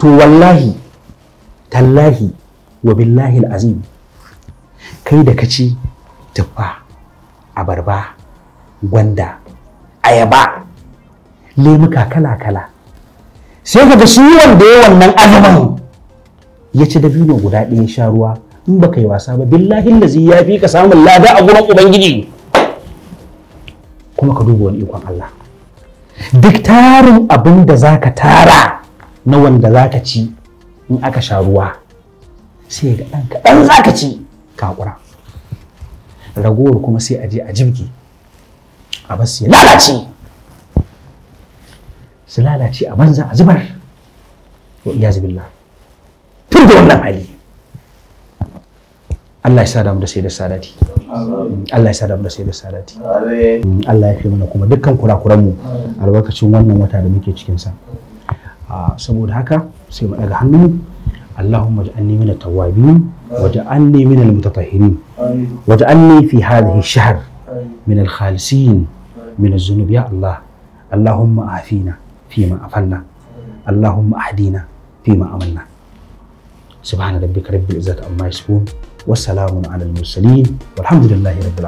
to wallahi tallahi wa billahi azim kai da kaci tuffa abarba gwanda ayaba lemuka kala-kala sai kaga shi wanda ya wannan azumin ya ci dabino guda ɗaya sha ruwa in baka yi wasa ba billahi lazi ya fi ka samun lada a gurin ubangiji kuma ka duba wani ikon Allah duk tarin abin da za ka tara na wanda za ka ci in aka sha ruwa sai ga ɗan kaɗan za ka ci kakura ragowar kuma sai a je a jibge a bas su lalace su lalace a banza a zubar wa iyazu billah tun da wannan hali Allah ya sa damu da sai da sadati Allah ya sa damu da sai da sadati mm, Allah ya fi mana kuma dukkan kurakuranmu albarkacin wannan wata da muke cikin sa saboda haka sai mu daga hannu Allahumma ja'alni min at-tawwabin wa ja'alni min al-mutatahhirin wa ja'alni fi hadhihi ash-shahr min al-khalisin min az-zunub ya Allah Allahumma afina fima afanna Allahumma ahdina fima amanna سبحان ربك رب العزة عما يصفون وسلام على المرسلين والحمد لله رب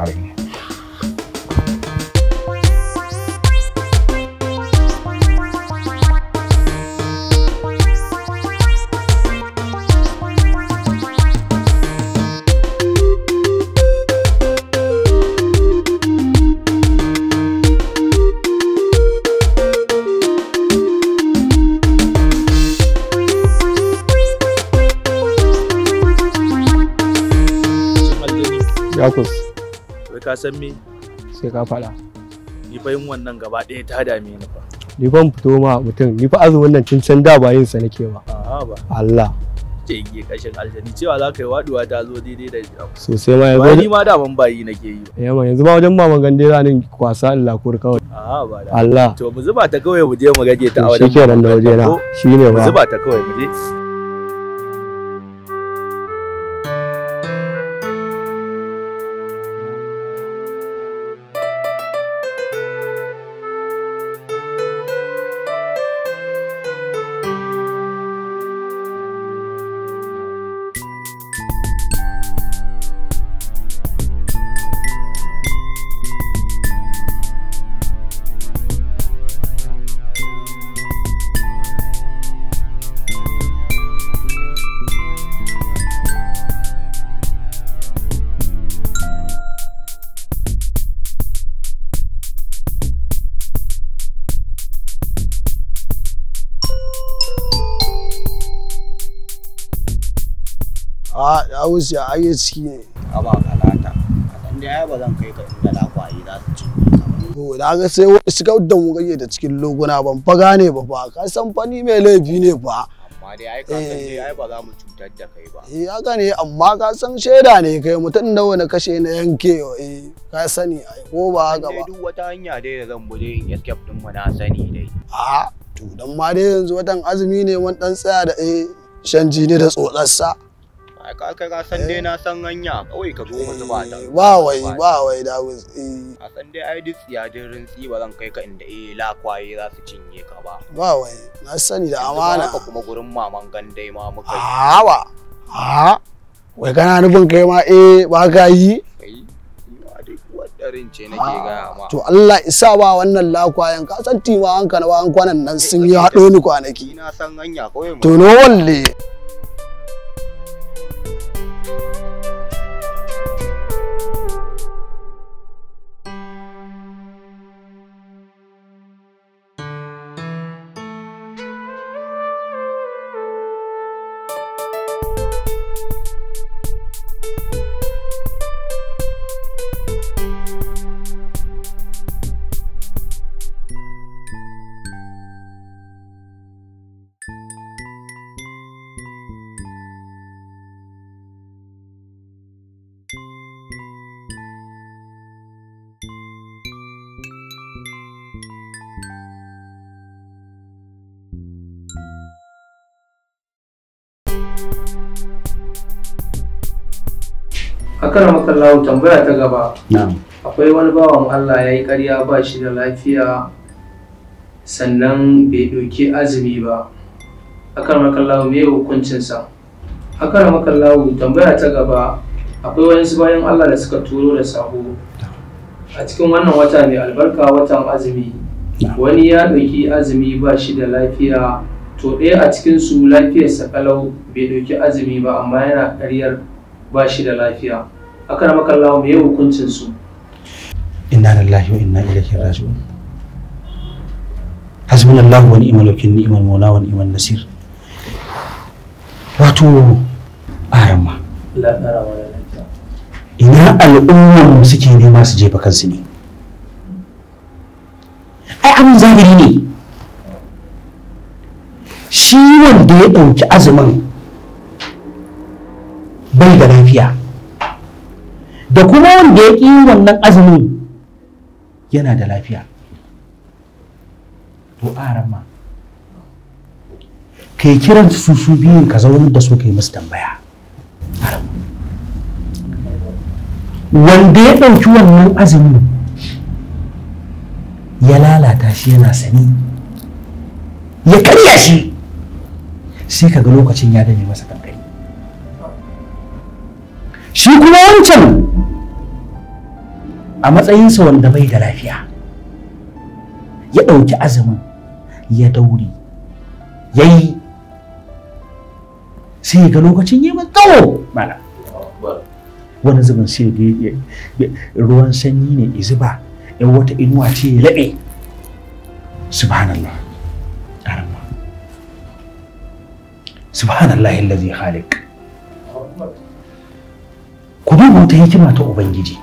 ka san me sai ka faɗa ni fa yin wannan gaba ɗaya ta dame ni fa ni ban fito ma mutum ni fa azumin nan tun can da ba yin sa nake ba a'a ba Allah ce yi kashin aljani cewa za ka yi waduwa ta zo daidai da jam sosai ma yanzu ni ma da ban bayi nake yi yawa yanzu ma wajen maman gande ranin kwasa Allah kur kawai a'a ba Allah to mu zuba ta kawai mu je mu gaje ta a wajen shikenan da waje na shine ba mu zuba ta kawai mu je wuce a yi ciki ne a ba kalata inda ya ba zan kai ka inda kwayi za su ci ko da ga sai wani shiga da mu kake da cikin loguna ban fa gane ba fa ka san fani mai laifi ne fa amma dai ai ka san dai eh. ai ba za mu cutar da kai ba eh haka ne amma ka san shaida ne kai mutum da wani kashe na yanke eh ka sani ai ko ba haka ba duk wata hanya dai da zan bude in escape din mu na sani dai a to dan ma dai yanzu watan azumi ne mun dan tsaya da eh shan jini da tsotsarsa ai ka kai ka san dai eh. na san hanya kawai ka zo ta eh, ba wai ba wai da eh. a san dai ai duk ba zan kai ka inda eh lakwaye za su cinye ka ba ba wai na sani da amana ka kuma gurin maman gandai ma muka ah, ba ah, wai kana nufin kai ma eh ba ka yi ah, To Allah isa ba wannan lakwayen ka san timawan ka na bayan kwanan nan sun yi haɗo ni kwanaki. Na san hanya kawai. To no walle. kana makallahu tambaya ta gaba akwai wani bawan Allah ya yi karya ba shi da lafiya sannan bai ɗauki azumi ba akara makallahu me hukuncinsa akara makallahu tambaya ta gaba akwai su bayan Allah da suka turo da saho a cikin wannan wata mai albarka watan azumi wani ya ɗauki azumi ba shi da lafiya to ɗaya a cikinsu lafiyarsa kalau bai ɗauki azumi ba amma yana ƙaryar ba shi da lafiya akana makallawa me hukuncin su inna lillahi wa inna ilaihi raji'un hasbunallahu wa ni'mal wakil ni'mal maula wa ni'mal nasir wato arama ina al'ummar suke nema su jefa kansu ne ai abin zahiri ne shi wanda ya ɗauki azumin bai da lafiya da kuma wanda ya ƙi wannan azumin yana da lafiya to arama ka yi kiran su su biyun ka zaunar da su ka yi musu tambaya wanda ya ɗauki wannan azumin ya lalata shi yana sani ya karya shi sai ka ga lokacin ya dame masa kamar shi kuma wancan a matsayinsa wanda bai da lafiya ya ɗauki azumin ya dauri ya yi sai ga lokacin yi mai tsawo mana wani zubin sai ga ruwan sanyi ne izuba in wata inuwa ce ya laɓe subhanallah karama subhanallah yadda zai halik ku duba wata hikima ta ubangiji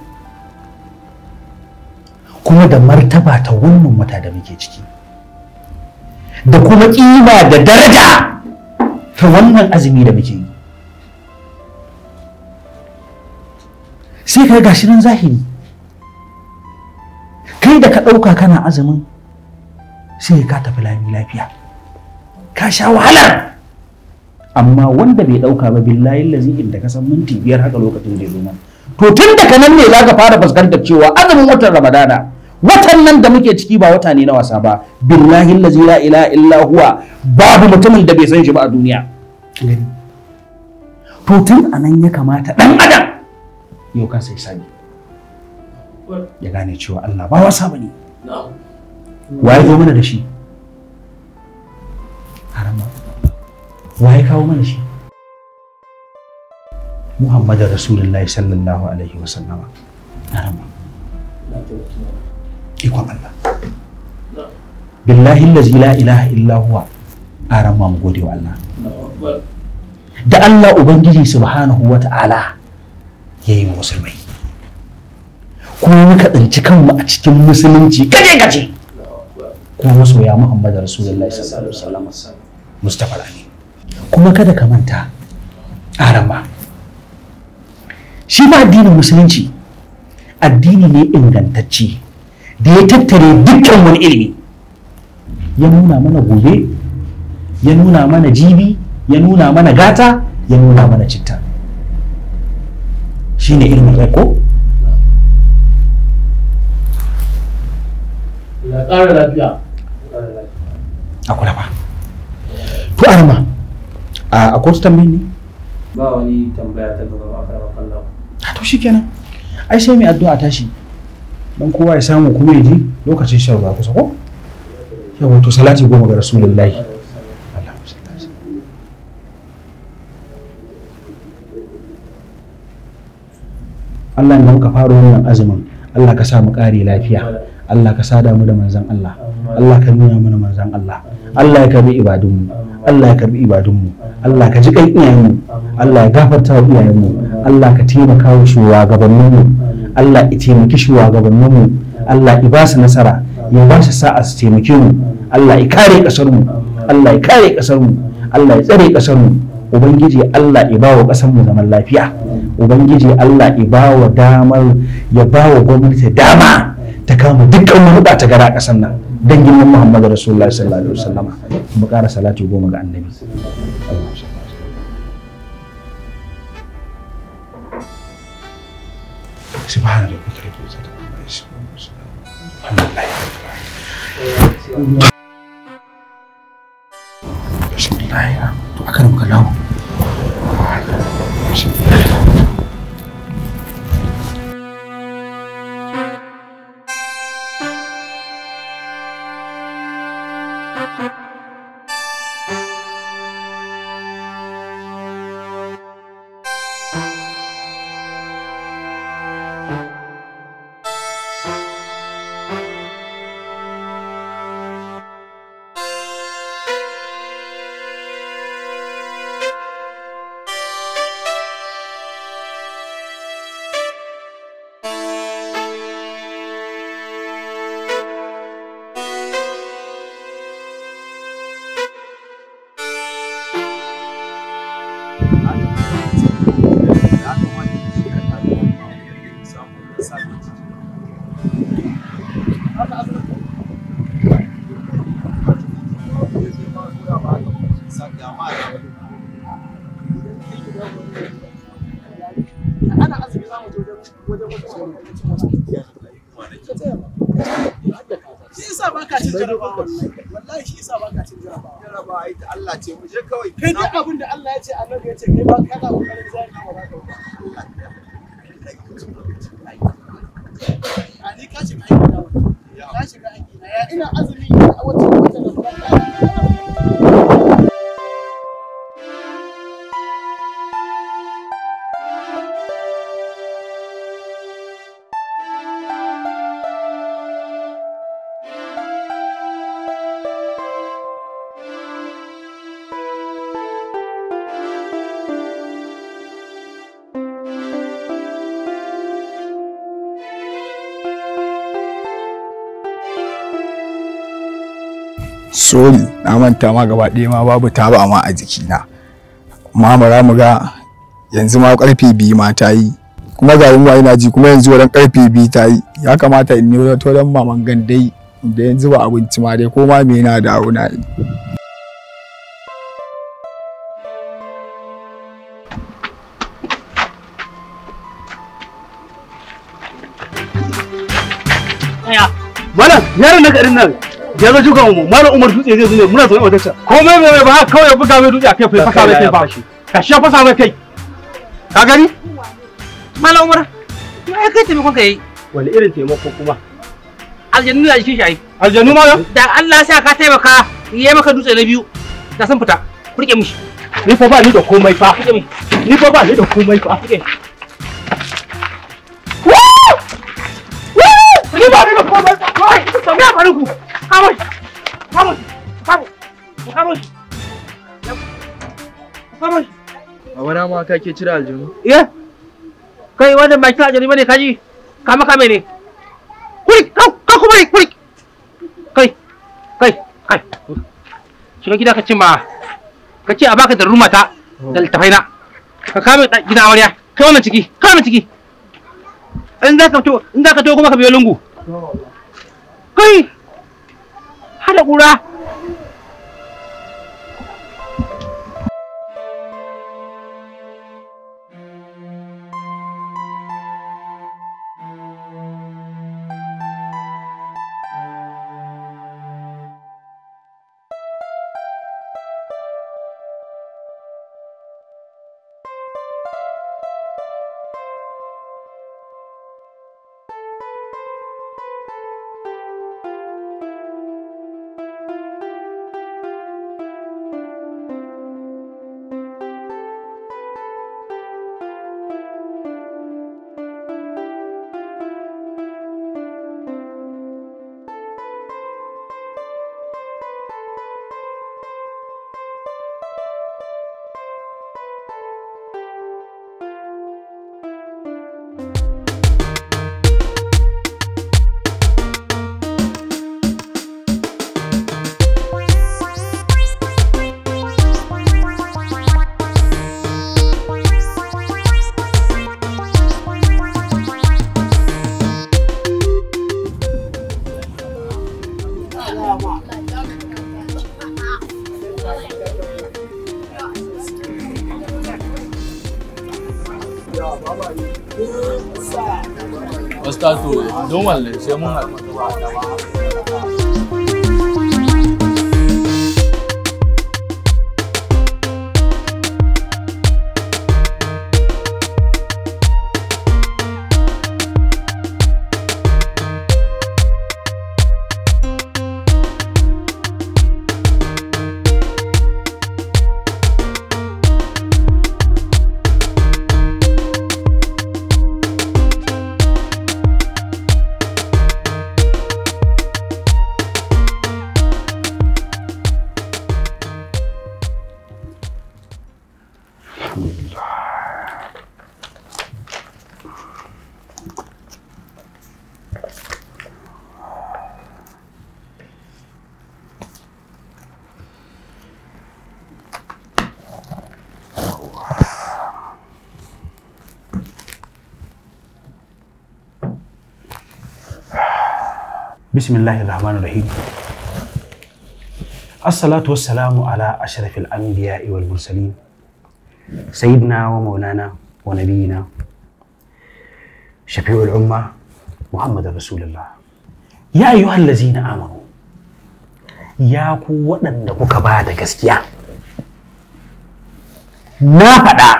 kuma da martaba ta wannan wata da muke ciki da kuma ƙima da daraja ta wannan azumi da muke yi sai ka gashi nan zahiri kai da ka ɗauka kana azumin sai ka tafi lami lafiya ka sha wahalar amma wanda bai ɗauka ba billahi lazi inda ka san minti biyar haka lokacin da ya zo mana to tun daga nan ne za ka fara fuskantar cewa azumin watan ramadana watan nan da muke ciki ba wata ne na wasa ba billahi allazi la ilaha illa huwa babu mutumin da bai san shi ba a duniya to tun anan ya kamata dan adam yau kan sai sani ya gane cewa Allah ba wasa bane waye zo mana da shi wa waye kawo mana shi Muhammadu Rasulullahi sallallahu Alaihi wasallama. Arama. Ikon Allah. Billahi lazi la ilaha illa huwa arama mu gode wa Allah. Da Allah Ubangiji subhanahu wa ta'ala ya yi musulmai. Kuma muka tsinci kanmu a cikin musulunci gaje-gaje. Kuma masoya Muhammadu Rasulullahi sallallahu Alaihi wasallama. Mustapha Rani. Kuma kada ka manta arama. shi ma addinin musulunci addini ne ingantacce da ya tattare dukkan wani ilimi ya nuna mana gobe ya nuna mana jibi ya nuna mana gata ya nuna mana citta shi ne ilimin rai ko? a kula ba to arma a kotu tambayi ne ba wani tambaya ta gaba a karamakan kallon. a ah, to kenan, ai sai mai addu'a tashi dan kowa ya samu kuma ya ji lokacin shan ruwa kusa ko yawa to salati goma ga rasulullahi Allah da muka fara wannan azumin Allah ka sa mu kare lafiya Allah ka sada mu da manzan Allah Allah ka nuna mana manzan Allah Allah ya karbi ibadunmu Allah ya karbi ibadunmu Allah ka ji kan iyayenmu Allah ya gafarta wa iyayenmu Allah ka taimaka wa shugabanninmu Allah ya taimaki shugabanninmu Allah ya ba su nasara ya ba su sa'a su taimake mu Allah ya kare kasar mu Allah ya kare kasar mu Allah ya tsare kasar mu ubangiji Allah ya ba wa kasar mu zaman lafiya ubangiji Allah ya ba wa damar ya ba wa gwamnati dama ta kama dukkan wani ta gara kasar nan dan girman Muhammadu Rasulullahi sallallahu alaihi wasallama mu ƙara salatu goma ga annabi ci ba da kuka yi kusa da Allah shi Allah ya Bismillahirrahmanirrahim. To akan muka lawo. Bismillahirrahmanirrahim. jarabawa wallahi shi yasa baka cin jarabawa jarabawa Allah ce mu je kawai kai duk abin da Allah ya ce annabi ya ce kai ba kana kokarin zai ka ba a ni ka shiga aiki ka shiga aiki na ya ina azumi a wacce wacce da sorry na manta ma gaba ɗaya ma babu taba ma a jikina ma mara mu ga yanzu ma karfe biyu ma ta yi kuma ga yin yana ji kuma yanzu wurin karfe biyu ta yi ya kamata in nuna to don maman gandai da yanzu ba abinci ma dai ko ma me yana da auna Malam, yaron na garin nan ya zo jukan mu malam umar dutse zai zo ne muna zaune a wajen komai mai ba kawai buga mai dutse a kai fasa mai kai ba ka shi fasa mai kai ka gani malam umar ai kai taimakon ka yi wani irin taimako kuma aljannu ya jikin shi ai aljannu malam da Allah sa ka taimaka yayi maka dutse na biyu da san fita kurke mishi ni fa ba ni da komai fa ni fa ba ni da komai fa ni ba ni da komai fa ka ke cire aljanu. Eh. Kai wannan kaji. Kama kame ne. Kurik, kau, kau kuma Kai. Kai, kai. Shiga ka ce ma ka ce a baka da rumata oh. da littafai na. Ka kame gida amarya. Kai wannan ciki, kai wannan ciki. In za ka to, in za ka lungu. Oh. Hei! Hada ƙura! Ustaz to don wallace mun haɗu. bismillahir rahmanir rahim assalatu wassalamu ala ashrafil Ambiya wal mursalin sayyidina wa maulana wa nabiyina shafi'ul umma muhammadar rasulullah ya ayyuhal ladzina amanu ya ku waɗanda kuka ba da gaskiya na faɗa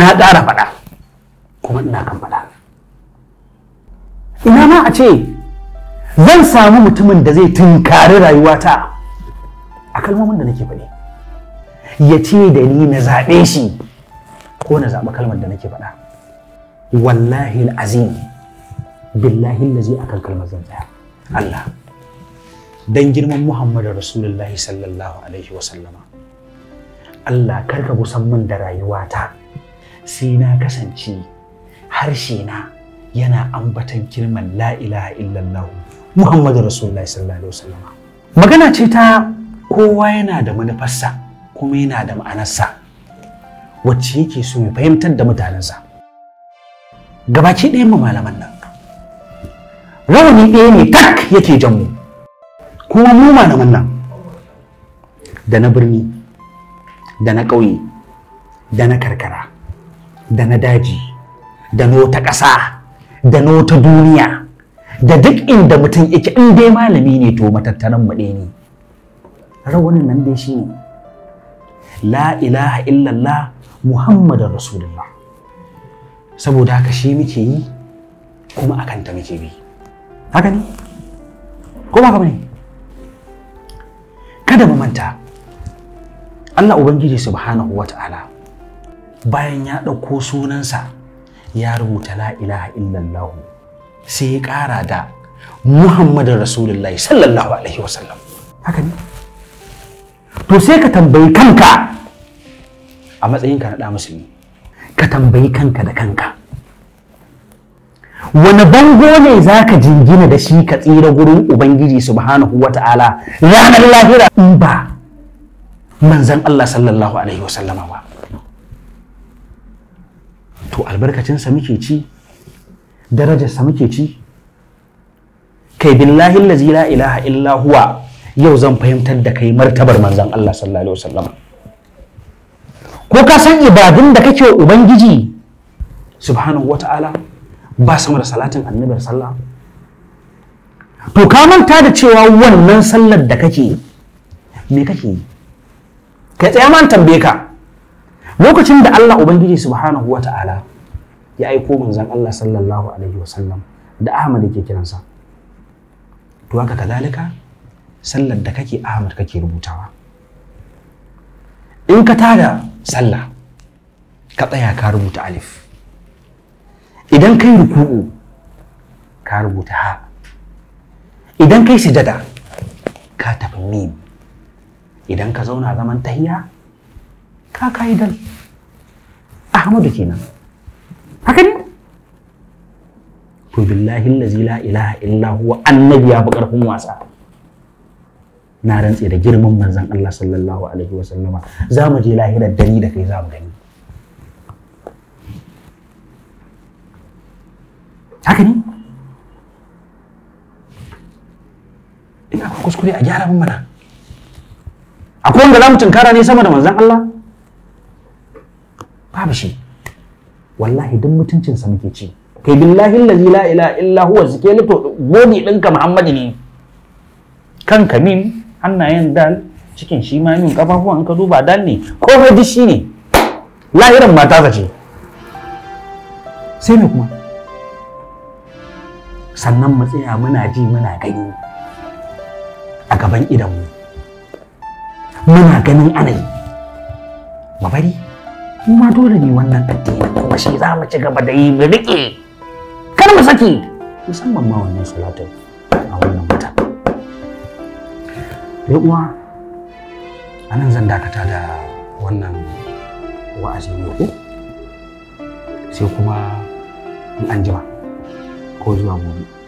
na ƙara faɗa kuma ina kan faɗa ina ma a ce zan samu mutumin da zai tunkari rayuwata a kalmomin da nake faɗi ya ce da ni na zaɓe shi ko na zaɓi kalmar da nake faɗa wallahi azim billahi lazi akan kalmar zan tsaya Allah dan girman Muhammadu Rasulullahi sallallahu alaihi wasallama Allah karka kusan min da rayuwata sai na kasance harshe na yana ambatan kirman la ilaha illallah Muhammadu Rasulullahi sallallahu alaihi wasallama. Magana ce ta kowa yana da manufarsa kuma yana da ma'anarsa wacce yake so ya fahimtar da mutanensa. Gabaki ɗayan mu malaman nan. Rawani ɗaya ne tak yake jan mu. Kuma mu malaman nan da na birni da na ƙauye da na karkara da na daji da na wata ƙasa da na wata duniya da duk inda mutum yake in dai malami ne to matattaran mu ne rawanin nan dai shine la ilaha illallah muhammadar rasulullah saboda haka shi muke yi kuma akan ta muke bi haka ne ko ba ne kada mu manta Allah Ubangiji subhanahu wa ta'ala bayan ya ɗauko sunansa ya rubuta la ilaha illallahu sai ya ƙara da Muhammadu Rasulullahi sallallahu Alaihi wasallam. Haka ne? To sai ka tambayi kanka a matsayinka na ɗa musulmi, ka tambayi kanka da kanka. Wani bango ne za ka jingina da shi ka tsira gurin Ubangiji subhanahu wa ta'ala ranar lahira in ba manzan Allah sallallahu Alaihi wasallama ba. To albarkacinsa muke ci darajarsa muke ci kai billahi allazi la ilaha illa huwa yau zan fahimtar da kai martabar manzon Allah sallallahu alaihi wasallam ko ka san ibadun da kake ubangiji subhanahu wata'ala ba sama da salatin annabi sallah to ka manta da cewa wannan sallar da kake me kake yi ka tsaya man tambaye ka lokacin da Allah ubangiji subhanahu wata'ala ya aiko manzon Allah sallallahu alaihi wasallam da Ahmad ke kiransa to haka kadalika sallar da kake Ahmad kake rubutawa in ka tada sallah ka tsaya ka rubuta alif idan kai ruku'u ka rubuta ha idan kai sujada ka tafi mim idan ka zauna zaman tahiya ka kaidan ahmadu kenan haka ne ku billahi allazi la ilaha illa huwa annabi ya fi karfin wasa na rantse da girman manzon Allah sallallahu alaihi wa sallama za mu je lahirar dani da kai za mu gani haka ne ina ku kuskure a gyara mun mana akwai wanda za mu tunkara ne sama da manzon Allah babu shi wallahi duk mutuncinsa muke ci kai billahi allazi la ilaha illa huwa zike to goni ɗinka muhammadu ne kan min hannayen dal cikin shi ma min kafafuwan ka duba dal ne ko duk shi ne lahirin mata ce sai me kuma sannan mu tsaya muna ji muna gani a gaban idanmu muna ganin anai. mu bari mu ma dole ne wannan addini kuma shi za mu ci gaba da yi mu riƙe kar mu saki musamman ma wannan salatu a wannan wata ya uwa a zan dakata da wannan wa'azi ne ko sai kuma in an ko zuwa gobe